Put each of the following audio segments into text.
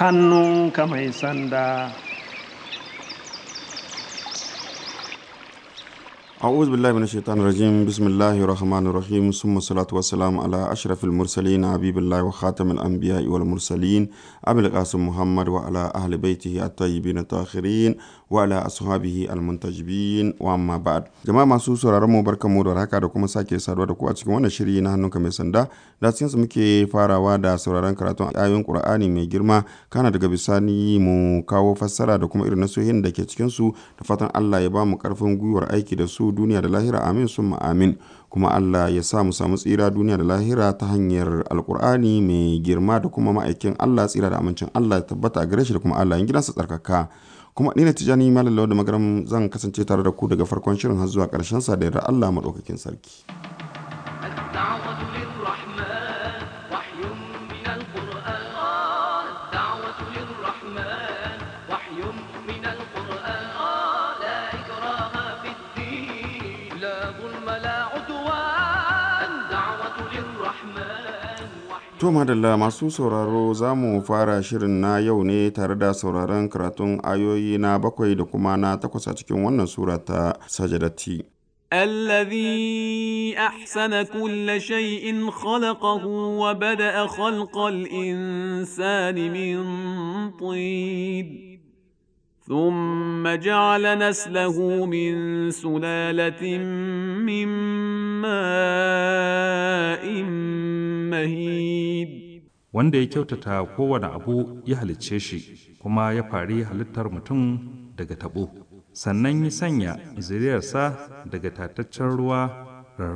hannunka mai sanda a'udhu billahi minash shaitanir rajeem bismillahir rahmanir rahim summa salatu wassalamu ala ashrafil mursalin habibillahi wa khatamil anbiya wal mursalin abul qasim muhammad wa ala ahli baitihi at-tayyibin at-tahirin wa ala ashabihi al-muntajibin wa jama'a masu sauraron mu barkamu haka da kuma sake saduwa da ku a cikin wannan shiri na hannunka mai sanda da cikin su muke farawa da sauraron karatu ayoyin qur'ani mai girma kana daga bisani mu kawo fassara da kuma irin nasuhin da ke cikin su da fatan Allah ya ba mu karfin gwiwar aiki da su duniya da lahira amin sun amin kuma Allah ya sa mu samu tsira duniya da lahira ta hanyar alkur'ani mai girma da kuma ma'aikin Allah tsira da amincin Allah ya tabbata a gare shi da kuma Allah ya gidansa tsarkaka kuma ni na tijani malam da magaram zan kasance tare da ku daga farkon shirin har zuwa karshen sa da yarda Allah madaukakin sarki To madalla masu sauraro za mu fara shirin na yau ne tare da sauraron karatun ayoyi na bakwai da kuma na takwas a cikin wannan sura ta sajadati. الذي أحسن كل شيء خلقه وبدأ خلق الإنسان من طين ثم جعل نسله من سلالة من ماء mahid wanda ya kyautata kowane abu ya halicce shi kuma ya fari halittar mutum daga tabo sannan ya sanya zuriyarsa daga tataccen ruwa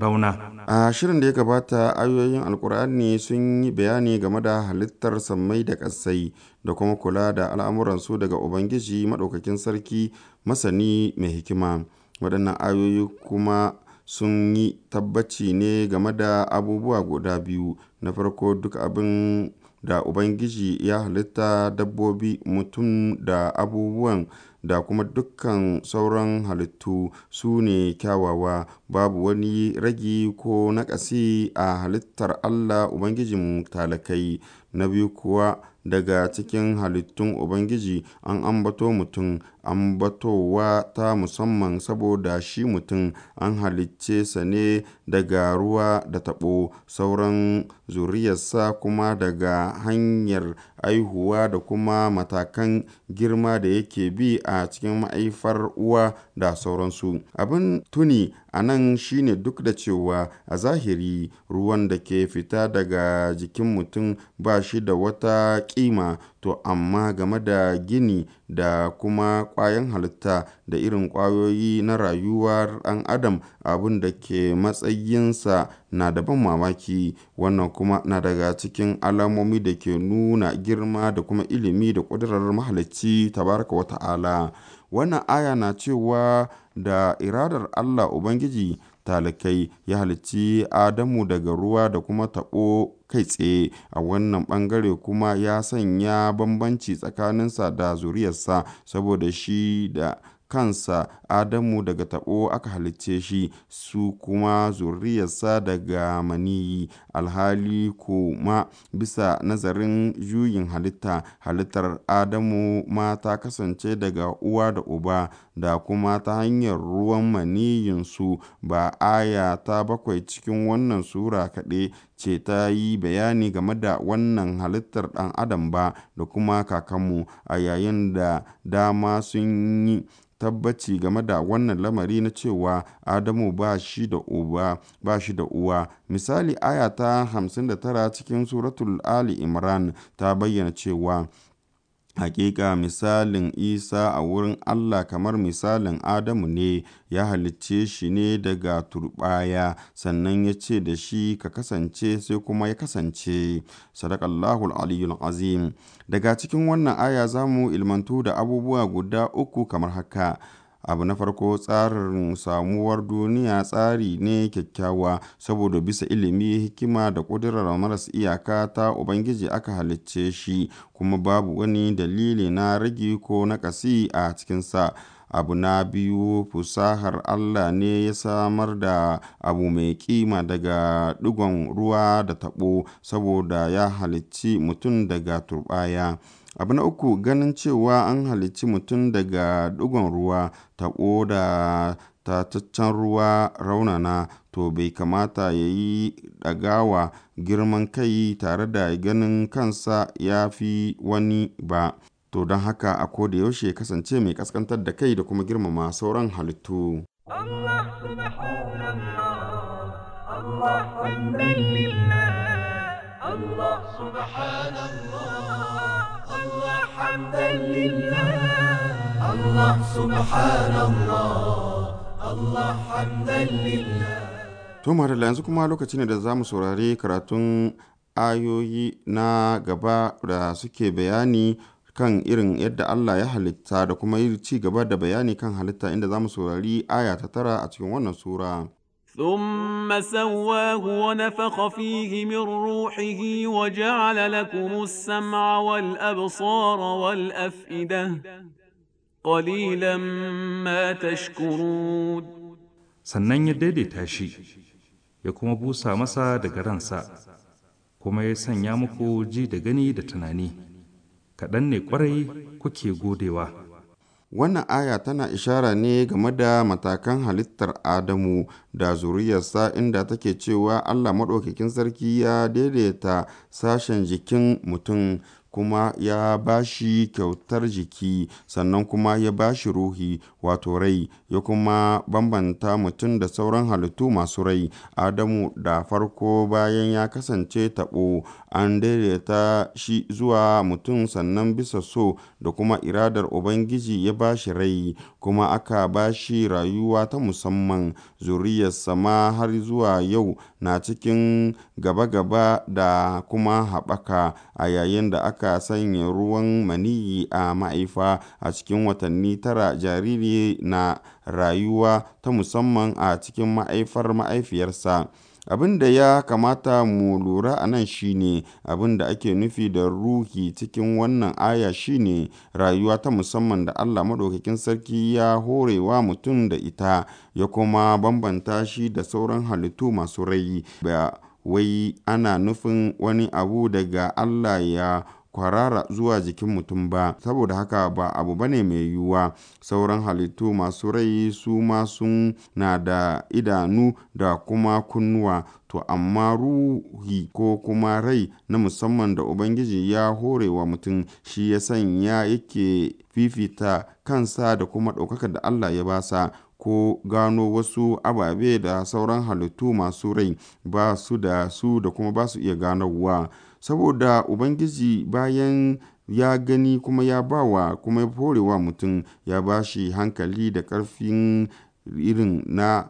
rauna. A shirin da ya gabata ayoyin Alkur'ani sun yi bayani game da halittar sammai da ƙasai da kuma kula da al'amuransu daga Ubangiji Maɗaukakin Sarki masani mai hikima. Waɗannan ayoyi kuma sun yi tabbaci ne game da abubuwa guda biyu, na farko duk abin da Ubangiji ya halitta dabbobi, mutum da abubuwan da kuma dukkan sauran halittu su ne kyawawa, babu wani ragi ko nakasi a halittar Allah Ubangijin talakai Na biyu kuwa daga cikin halittun Ubangiji an ambato mutum, ambatowa ta musamman saboda shi mutum an halicce sa ne daga ruwa da taɓo, sauran zuriyarsa kuma daga hanyar aihuwa da kuma matakan girma da yake bi a cikin ma'aifar uwa da sauransu. Abin tuni a nan shi ne duk da cewa a zahiri ruwan da ke fita daga jikin mutum ba shi da wata kima to amma game da gini da kuma ƙwayan halitta da irin ƙwayoyi na rayuwar ɗan adam abin da ke matsayinsa na da ban mamaki wannan kuma na daga cikin alamomi da ke nuna girma da kuma ilimi da ƙudurar mahalicci wata ala wannan aya na cewa da iradar Allah Ubangiji talikai ya halicci Adamu daga ruwa da kuma taɓo kai tsaye a wannan ɓangare kuma ya sanya bambanci tsakaninsa da zuriyarsa saboda shi da kansa Adamu daga taɓo aka halicce shi su kuma zuriyarsa daga maniyi alhali kuma bisa nazarin juyin halitta halittar Adamu ma ta kasance daga uwa da uba da kuma ta hanyar ruwan maniyyinsu ba aya ta bakwai cikin wannan sura kaɗe ce ta yi bayani game da wannan halittar ɗan adam ba da kuma kakanmu a yayin da dama sun yi tabbaci game da wannan lamari na cewa Adamu ba shi da uba ba shi da uwa misali aya ta 59 cikin suratul Ali Imran ta bayyana cewa hakika misalin Isa a wurin Allah kamar misalin Adamu ne, ya halicce shi ne daga turɓaya, sannan ya ce da shi ka kasance sai kuma ya kasance. sadakallahu Aliyyul Azim. Daga cikin wannan aya za mu ilmantu da abubuwa guda uku kamar haka. Abu na farko, tsarin samuwar duniya tsari ne kyakkyawa, saboda bisa ilimi, hikima da kudurar maras iyaka ta Ubangiji aka halicce shi, kuma babu wani dalili na ragi ko na kasi a cikinsa. Abu na biyu, fusahar Allah ne ya samar da abu mai kima daga digon ruwa da tabo, saboda ya halicci mutum daga turbaya. Abu na uku, ganin cewa an halicci mutum daga ɗigon ruwa, ta da tataccen ruwa raunana to bai kamata ya yi dagawa girman kai tare da ganin kansa ya fi wani ba. To don haka a koda yaushe kasance mai kaskantar da kai da kuma girmama sauran halittu. Allah subhanallah, Allah subhanallah. حمدا لله الله to marilla yanzu kuma lokaci ne da za mu saurari karatun ayoyi na gaba da suke bayani kan irin yadda Allah ya halitta da kuma yi ci gaba da bayani kan halitta inda za mu saurari aya ta tara a cikin wannan sura. ثم سواه ونفخ فيه من روحه وجعل لكم السمع والابصار والافئده قليلا ما تشكرون sannan ya daidaita shi ya kuma busa masa daga ransa kuma ya sanya muku ji da gani da tunani kaɗan ne ƙwarai kuke godewa Wannan aya tana ishara ne game da matakan halittar Adamu da zuriyarsa inda take cewa Allah Maɗaukakin Sarki ya daidaita sashen jikin mutum. kuma ya ba shi kyautar jiki sannan kuma ya ba shi ruhi wato rai ya kuma bambanta mutum da sauran halittu masu rai Adamu da farko bayan ya kasance taɓo an daidaita shi zuwa mutum sannan bisa so da kuma iradar Ubangiji ya ba shi rai kuma aka ba shi rayuwa ta musamman zuriyar sama har zuwa yau na cikin gaba-gaba da kuma haɓaka a yayin da aka aka sanya ruwan maniyyi a ma'aifa a cikin watanni tara jariri na rayuwa ta musamman a cikin ma'aifar ma'aifiyarsa. Abin da ya kamata mu lura a nan shine abin da ake nufi da ruhi cikin wannan aya shine. rayuwa ta musamman da Allah Maɗaukakin Sarki ya horewa mutum da ita, ya kuma bambanta shi da sauran halittu masu rai, ba wai ana nufin wani abu daga Allah ya kwarara zuwa jikin mutum ba, saboda haka ba abu bane mai yiwuwa. Sauran halittu masu rai su ma sun na da idanu da kuma kunnuwa, to amma ruhi ko kuma rai na musamman da Ubangiji ya hore wa mutum, shi ya sanya yake fifita kansa da kuma ɗaukaka da Allah ya basa ko gano wasu ababe da sauran halittu masu rai ba su da su da kuma ba su iya ganowa. saboda Ubangiji bayan ya gani kuma ya bawa kuma ya hore mutum, ya ba shi hankali da karfin irin na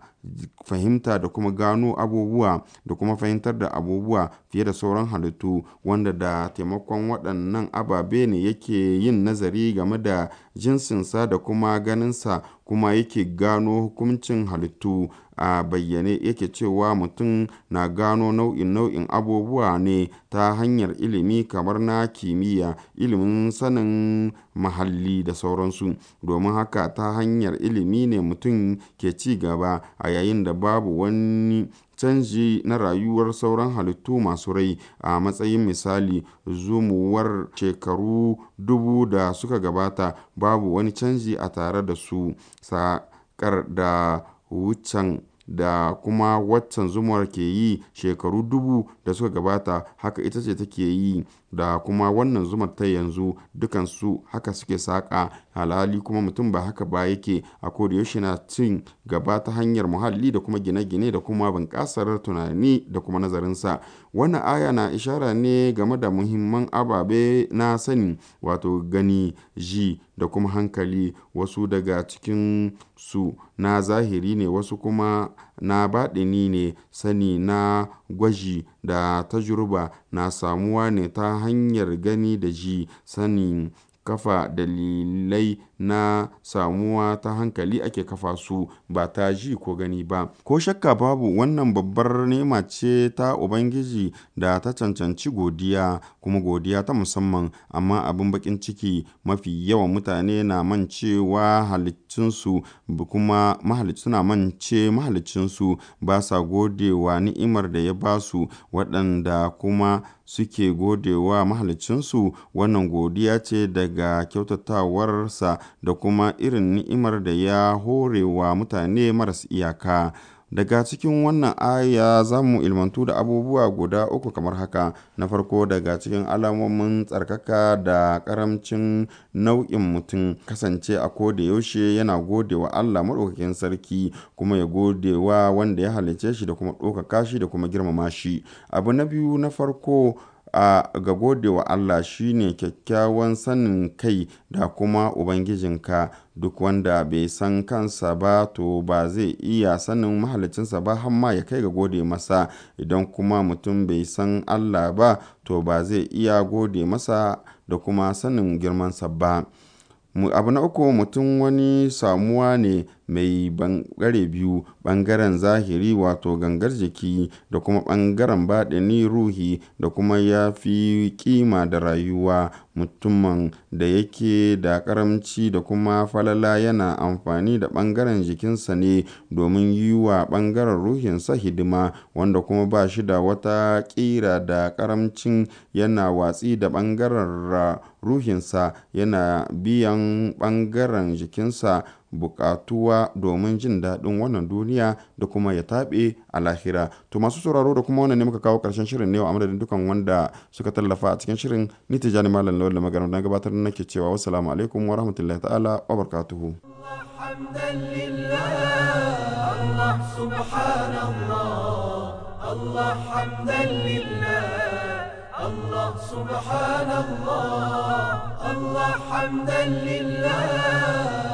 fahimta da kuma gano abubuwa da kuma fahimtar da abubuwa fiye da sauran halittu wanda da taimakon waɗannan ababe ne yake yin nazari game da jinsinsa da kuma ganinsa kuma yake gano hukuncin halittu a bayyane yake cewa mutum na gano nau'in-nau'in abubuwa ne ta hanyar ilimi kamar na kimiyya, ilimin sanin mahalli da sauransu. Domin haka ta hanyar ilimi ne mutum ke ci gaba, a yayin da babu wani canji na rayuwar sauran halittu masu rai a matsayin misali zumuwar shekaru dubu da suka gabata babu wani canji a tare da su saƙar da wucan da kuma waccan zumuwar ke yi shekaru dubu da suka gabata haka ita ce take yi da kuma wannan zumar ta yanzu dukansu haka suke saƙa halali kuma mutum ba haka ba yake a yaushe na cin gaba ta hanyar muhalli da kuma gine-gine da kuma bunƙasar tunani da kuma nazarinsa wannan aya na ishara ne game da muhimman ababe na sani wato gani ji da kuma hankali wasu daga cikin su na zahiri ne wasu kuma na baɗini ne sani na gwaji da tajurba na samuwa ne ta hanyar gani da ji sani. kafa dalilai na samuwa ta hankali ake kafa su ba ta ji ko gani ba. Ko shakka babu wannan babbar nema ce ta Ubangiji da ta cancanci godiya kuma godiya ta musamman amma abin baƙin ciki mafi yawan mutane na mancewa halittunsu kuma suna mance mahaliccinsu ba sa godewa ni'imar da ya ba su waɗanda kuma suke godewa mahaliccinsu wannan godiya ce daga kyautatawarsa da kuma irin ni'imar da ya hore wa mutane maras iyaka. Daga cikin wannan aya za mu ilmantu da abubuwa guda uku kamar haka, na farko daga cikin alamomin tsarkaka da karamcin nau'in mutum kasance a koda yaushe yana gode wa Allah maɗaukakin sarki kuma ya gode wa wanda ya halice shi da kuma ɗaukaka shi da kuma girmama shi. Abu na biyu na farko addu'a ga wa Allah shi ne kyakkyawan sanin kai da kuma Ubangijinka, duk wanda bai san kansa ba to ba zai iya sanin Mahaliccinsa ba hamma ya kai ga gode masa, idan kuma mutum bai san Allah ba to ba zai iya gode masa da kuma sanin girmansa ba. Abu na uku mutum wani samuwa ne mai ɓangare biyu, bangaren zahiri wato gangar jiki da kuma ɓangaren baɗini ruhi da kuma ya fi ƙima da rayuwa. Mutumin da yake da karamci da kuma falala yana amfani da ɓangaren jikinsa ne domin yi wa ɓangaren ruhinsa hidima, wanda kuma ba shi da wata ƙira da karamcin yana watsi da bangaren ruhinsa yana biyan ɓangaren jikinsa. bukatuwa domin jin daɗin wannan duniya da kuma ya taɓe a lahira to masu sauraro da kuma wannan ne muka kawo ƙarshen shirin ne a da dukan wanda suka tallafa a cikin shirin ni jani malam lawal da magana na gabatar nake cewa wassalamu alaikum wa rahmatullahi ta'ala wa barakatuhu Allah subhanallah, Allah hamdan lillah.